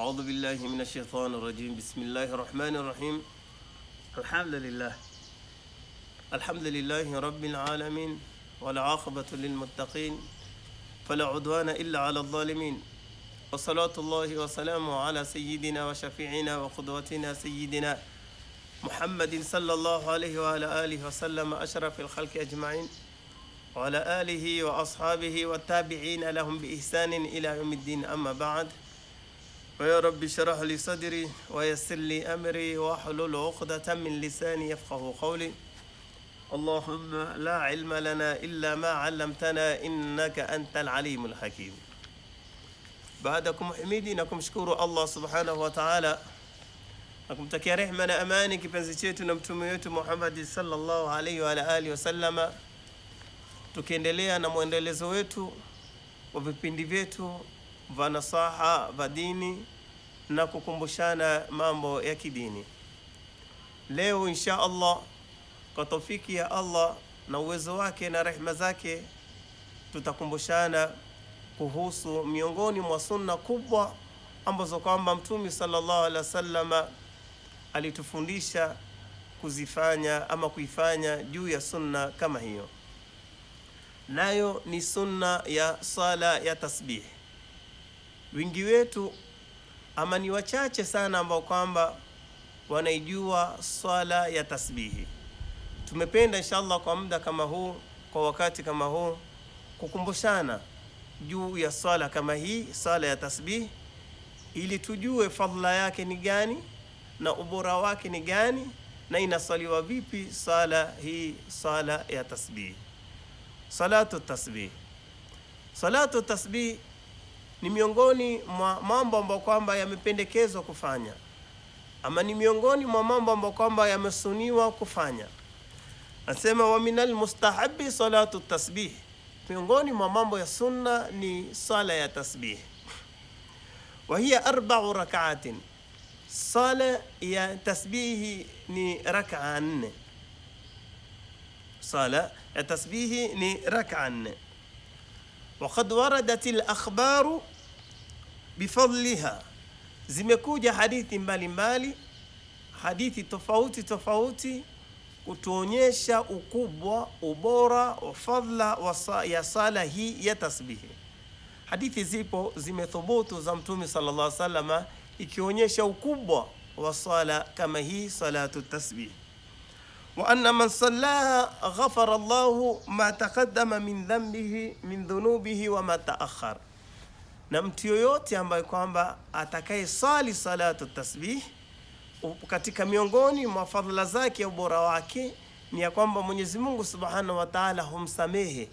أعوذ بالله من الشيطان الرجيم بسم الله الرحمن الرحيم الحمد لله الحمد لله رب العالمين والعاقبة للمتقين فلا عدوان إلا على الظالمين وصلاة الله وسلامه على سيدنا وشفيعنا وقدوتنا سيدنا محمد صلى الله عليه وعلى آله وسلم أشرف الخلق أجمعين وعلى آله وأصحابه والتابعين لهم بإحسان إلى يوم الدين أما بعد ويا رب شرح لي صدري ويسر لي أمري وأحلل عقدة من لساني يفقه قولي اللهم لا علم لنا إلا ما علمتنا إنك أنت العليم الحكيم بعدكم حميدي نكم شكور الله سبحانه وتعالى نكم تكي من أماني كي محمد صلى الله عليه وعلى آله وسلم tukiendelea na mwendelezo wetu wa vipindi vyetu vya na kukumbushana mambo ya kidini. Leo insha Allah kwa tofiki ya Allah na uwezo wake na rehema zake, tutakumbushana kuhusu miongoni mwa sunna kubwa ambazo kwamba Mtume sallallahu alaihi wasallama alitufundisha kuzifanya ama kuifanya juu ya sunna kama hiyo, nayo ni sunna ya sala ya tasbih. Wingi wetu ama ni wachache sana ambao kwamba wanaijua swala ya tasbihi. Tumependa inshallah kwa muda kama huu, kwa wakati kama huu, kukumbushana juu ya swala kama hii, swala ya tasbihi, ili tujue fadhila yake ni gani na ubora wake ni gani na inaswaliwa vipi swala hii, swala ya tasbih, salatu tasbih, salatu tasbih ni miongoni mwa mambo ambayo kwamba yamependekezwa kufanya, ama ni miongoni mwa mambo ambayo kwamba yamesuniwa kufanya. Anasema wa minal mustahabi salatu tasbih, miongoni mwa mambo ya sunna ni sala ya tasbih. Wa hiya arba'u rak'atin, sala ya tasbihi ni rak'a nne. Sala ya tasbihi ni rak'a nne. Wa qad waradat al akhbaru bifadliha. Zimekuja hadithi mbalimbali mbali, hadithi tofauti tofauti kutuonyesha ukubwa, ubora, ufadla ya sala hii ya tasbihi. Hadithi zipo zimethubutu za Mtume sallallahu alaihi wasallam ikionyesha ukubwa wa sala kama hii salatu tasbih. Wa anna man sallaha ghafara Allahu ma taqaddama min dhanbihi min dhunubihi wa ma taakhara na mtu yoyote ambaye kwamba atakaye sali salatu tasbih, katika miongoni mwa fadhila zake ya ubora wake ni ya kwamba Mwenyezi Mungu Subhanahu wa Ta'ala humsamehe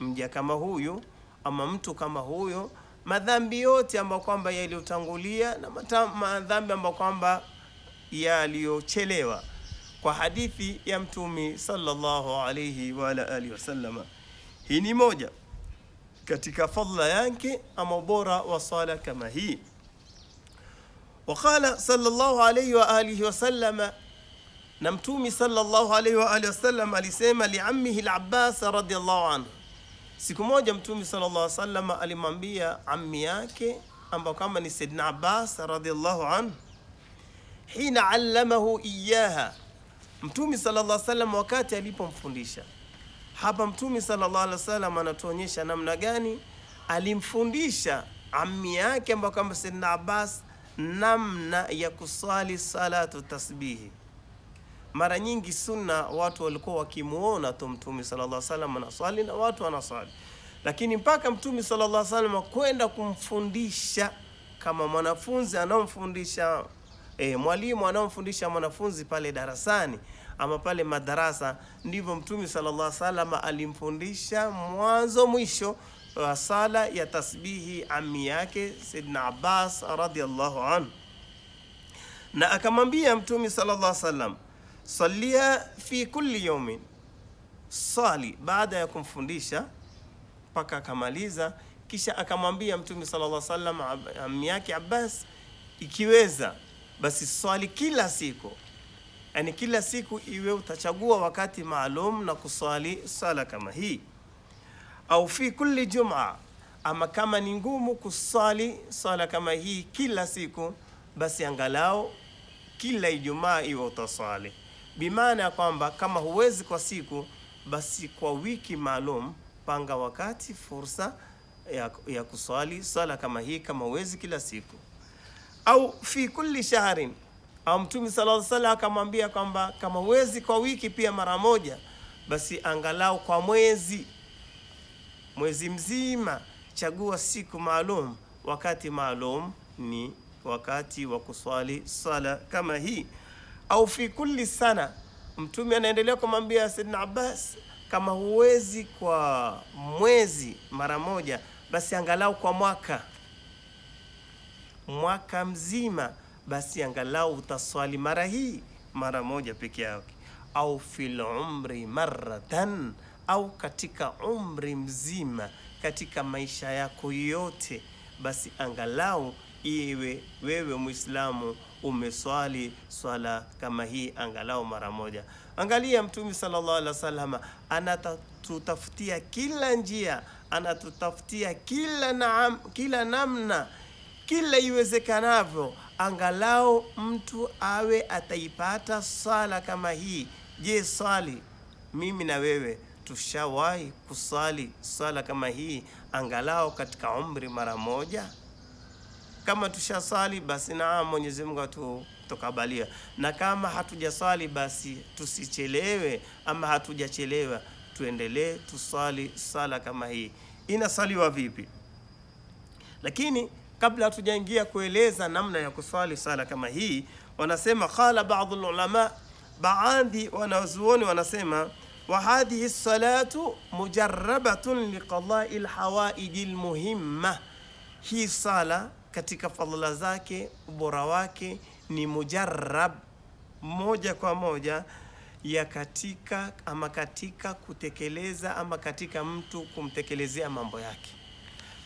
mja kama huyo ama mtu kama huyo madhambi yote ambayo kwamba yaliyotangulia na madhambi ambayo kwamba yaliyochelewa, kwa hadithi ya Mtume sallallahu alayhi wa alihi wasallama. Hii ni moja katika fadla yake ama ubora wa sala kama hii. Waqala sallallahu alayhi wa alihi wa sallam, na Mtumi sallallahu alayhi wa alihi wa sallam alisema liammihi al-Abbas radiyallahu anhu. Siku moja Mtumi sallallahu alayhi wa sallam alimwambia ammi yake ambao kama ni Saidna Abbas radiyallahu anhu, hina allamahu iyaha, Mtumi sallallahu alayhi wa sallam wakati alipomfundisha hapa Mtume sallallahu alaihi wasallam anatuonyesha namna gani alimfundisha ammi yake ambayo kwamba Saidina Abbas namna ya kuswali salatu tasbihi. Mara nyingi sunna, watu walikuwa wakimuona tu Mtume sallallahu alaihi wasallam anaswali na watu wanaswali, lakini mpaka Mtume sallallahu alaihi wasallam kwenda kumfundisha kama mwanafunzi anaomfundisha eh, mwalimu anaomfundisha mwanafunzi pale darasani ama pale madarasa, ndivyo Mtume sallallahu alaihi wasallam alimfundisha mwanzo mwisho wa sala ya tasbihi ammi yake Saidna Abbas radhiallahu anhu, na akamwambia Mtume sallallahu alaihi wasallam salia fi kulli yawmin sali, baada ya kumfundisha mpaka akamaliza. Kisha akamwambia Mtume sallallahu alaihi wasallam ammi yake Abbas, ikiweza basi swali kila siku yani kila siku iwe utachagua wakati maalum na kuswali sala kama hii, au fi kulli juma. Ama kama ni ngumu kuswali sala kama hii kila siku, basi angalau kila Ijumaa iwe utaswali, bimaana ya kwamba kama huwezi kwa siku, basi kwa wiki maalum panga wakati, fursa ya, ya kuswali sala kama hii, kama huwezi kila siku, au fi kulli shahrin au Mtume sallallahu alaihi wasallam akamwambia kwamba kama wezi kwa wiki pia mara moja, basi angalau kwa mwezi, mwezi mzima, chagua siku maalum, wakati maalum ni wakati wa kuswali sala kama hii, au fi kulli sana. Mtume anaendelea kumwambia Saidina Abbas, kama huwezi kwa mwezi mara moja, basi angalau kwa mwaka, mwaka mzima basi angalau utaswali mara hii mara moja peke yake, au fil umri marratan, au katika umri mzima, katika maisha yako yote, basi angalau iwe wewe Muislamu umeswali swala kama hii angalau mara moja. Angalia Mtume sallallahu alaihi wasallam anatutafutia kila njia, anatutafutia kila naam, kila namna kila iwezekanavyo, angalau mtu awe ataipata sala kama hii. Je, swali mimi na wewe tushawahi kusali sala kama hii angalau katika umri mara moja? Kama tushasali basi naam, Mwenyezi Mungu atukubalia, na kama hatujasali basi tusichelewe, ama hatujachelewa tuendelee tusali sala kama hii. Inasaliwa vipi? Lakini kabla hatujaingia kueleza namna ya kuswali sala kama hii, wanasema qala ba'dhu ulama, baadhi wanazuoni wanasema wa hadhihi salatu mujarrabatun liqadai lhawaiji lmuhimma, hii sala katika fadhila zake ubora wake ni mujarrab, moja kwa moja ya katika ama katika kutekeleza ama katika mtu kumtekelezea mambo yake.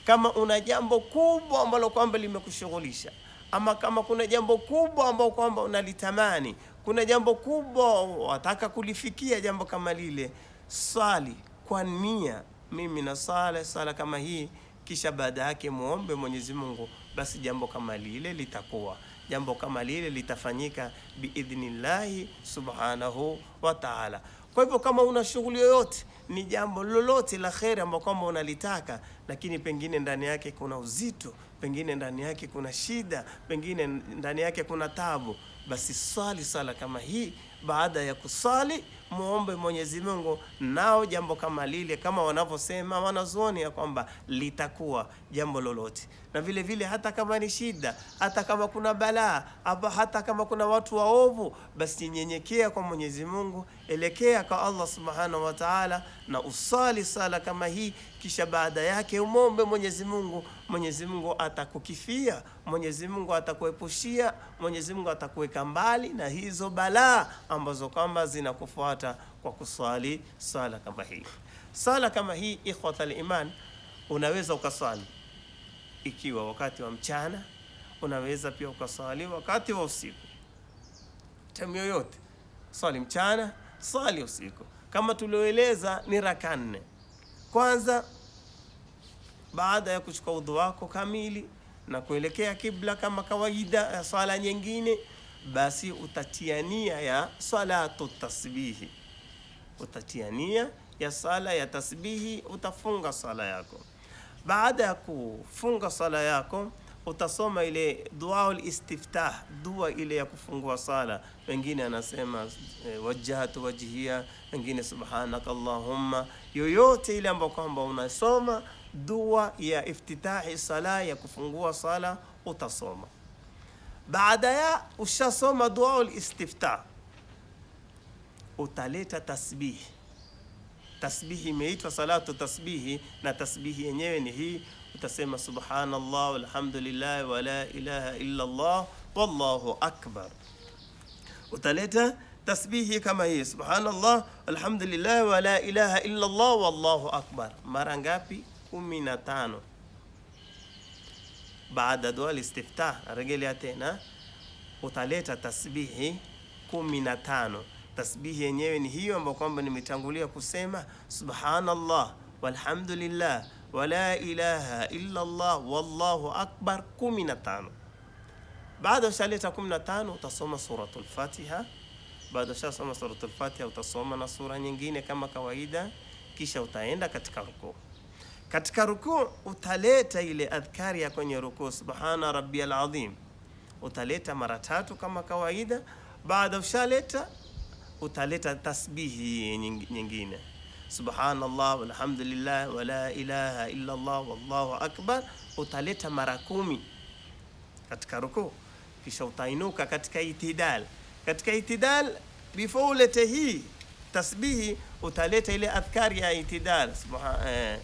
Kama una jambo kubwa ambalo kwamba limekushughulisha, ama kama kuna jambo kubwa ambalo kwamba unalitamani, kuna jambo kubwa wataka kulifikia, jambo kama lile, swali kwa nia, mimi na sala sala kama hii, kisha baada yake muombe Mwenyezi Mungu, basi jambo kama lile litakuwa jambo kama lile litafanyika biidhnillahi subhanahu wa taala. Kwa hivyo kama una shughuli yoyote, ni jambo lolote la kheri ambao kwamba unalitaka, lakini pengine ndani yake kuna uzito, pengine ndani yake kuna shida, pengine ndani yake kuna tabu, basi swali sala kama hii baada ya kusali muombe Mwenyezi Mungu, nao jambo kama lile, kama wanavyosema wanazuoni ya kwamba litakuwa jambo lolote. Na vile vile hata kama ni shida, hata kama kuna balaa, hata kama kuna watu waovu, basi nyenyekea kwa Mwenyezi Mungu, elekea kwa Allah Subhanahu wa Ta'ala, na usali sala kama hii, kisha baada yake umombe Mwenyezi Mungu. Mwenyezi Mungu atakukifia, Mwenyezi Mungu atakuepushia, Mwenyezi Mungu atakuweka mbali na hizo balaa ambazo kwamba zinakufuata kupata kwa kuswali sala kama hii. Sala kama hii, ikhwatal iman, unaweza ukaswali ikiwa wakati wa mchana, unaweza pia ukaswali wakati wa usiku, tamu yoyote swali mchana, swali usiku. Kama tulioeleza ni raka nne. Kwanza, baada ya kuchukua udhu wako kamili na kuelekea kibla kama kawaida ya sala nyingine basi utatia nia ya salatu tasbihi, utatia nia ya sala ya tasbihi, utafunga sala yako. Baada ya kufunga sala yako utasoma ile duaul istiftah, dua ile ya kufungua sala. Wengine anasema e, eh, wajjahtu wajhiya, wengine subhanaka allahumma, yoyote ile ambayo kwamba unasoma dua ya iftitahi sala ya kufungua sala utasoma. Baada ya ushasoma duaul istiftah, utaleta tasbihi. Tasbihi imeitwa salatu tasbihi, na tasbihi yenyewe ni hii, utasema subhanallah walhamdulillah wala ilaha illa Allah wallahu akbar. Utaleta tasbihi kama hii, subhanallah walhamdulillah wala ilaha illa Allah wallahu akbar, mara ngapi? kumi na tano baada dua listifta aregelea tena, utaleta tasbihi kumi na tano. Tasbihi yenyewe ni hiyo ambayo kwamba nimetangulia kusema subhanallah walhamdulillah wala ilaha illa Allah wallahu akbar, kumi na tano. Baada ushaleta kumi na tano utasoma suratul Fatiha. Baada ushasoma suratul Fatiha utasoma na sura nyingine kama kawaida, kisha utaenda katika rukuu. Katika rukuu utaleta ile adhkari ya kwenye rukuu, subhana rabbiyal azim utaleta mara tatu kama kawaida. Baada ushaleta utaleta tasbihi nyingine, subhanallah walhamdulillah wala ilaha illa Allah wallahu akbar, utaleta mara kumi katika rukuu, kisha utainuka katika itidal. Katika itidal before ulete hii tasbihi utaleta ile adhkari ya itidal subhan eh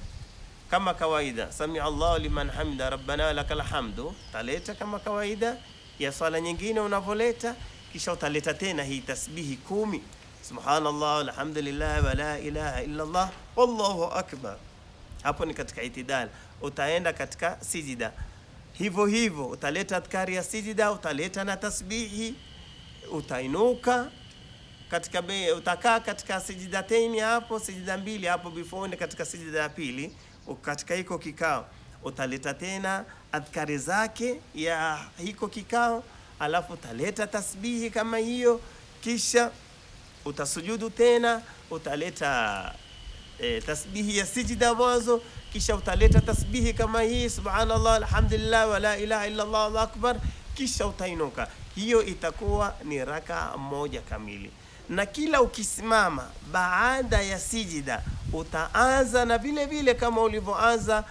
kama kawaida, sami Allahu liman hamida, rabbana lakal hamdu, utaleta kama kawaida ya swala nyingine unavoleta, kisha utaleta tena hii tasbihi kumi, subhanallah walhamdulillah wa la ilaha illa Allah wallahu akbar. Hapo ni katika itidal, utaenda katika sijida hivyo hivyo, utaleta adhkari ya sijida, utaleta na tasbihi, utainuka katika be, utakaa katika teni hapo sijida mbili hapo before katika sijida ya pili. Katika hiko kikao utaleta tena adhkari zake ya hiko kikao, alafu utaleta tasbihi kama hiyo, kisha utasujudu tena, utaleta e, tasbihi ya sijida mwanzo, kisha utaleta tasbihi kama hii subhanallah, alhamdulillah, wala ilaha illa Allah, Allahu akbar, kisha utainuka. Hiyo itakuwa ni raka moja kamili na kila ukisimama baada ya sijida utaanza na vile vile kama ulivyoanza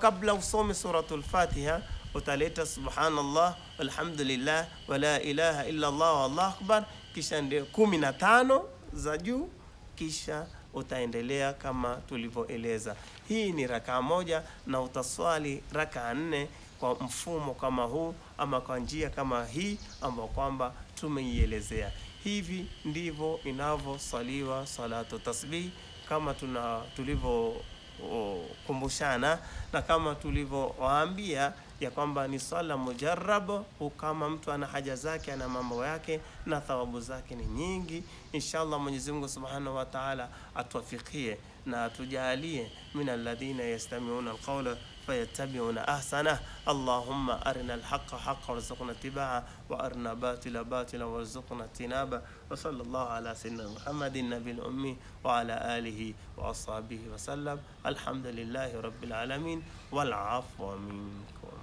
kabla usome suratul Fatiha, utaleta subhanallah walhamdulillah wala ilaha illa Allah wallahu akbar, kisha ndio kumi na tano za juu, kisha utaendelea kama tulivyoeleza. Hii ni rakaa moja na utaswali rakaa nne kwa mfumo kama huu ama kwa njia kama hii ambayo kwamba tumeielezea. Hivi ndivyo inavyosaliwa salatu tasbih kama tuna tulivyokumbushana na kama tulivyowaambia ya kwamba ni swala mujarrab, kama mtu ana haja zake, ana mambo yake, na thawabu zake ni nyingi. Inshallah, Mwenyezi Mungu Subhanahu wa Ta'ala atuwafikie na atujalie min alladhina yastami'una alqawla فيتبعون أحسنه اللهم أرنا الحق حقا وارزقنا اتباعه وأرنا باطل باطلا وارزقنا اجتنابه وصلى الله على سيدنا محمد النبي الأمي وعلى آله وأصحابه وسلم الحمد لله رب العالمين والعفو منكم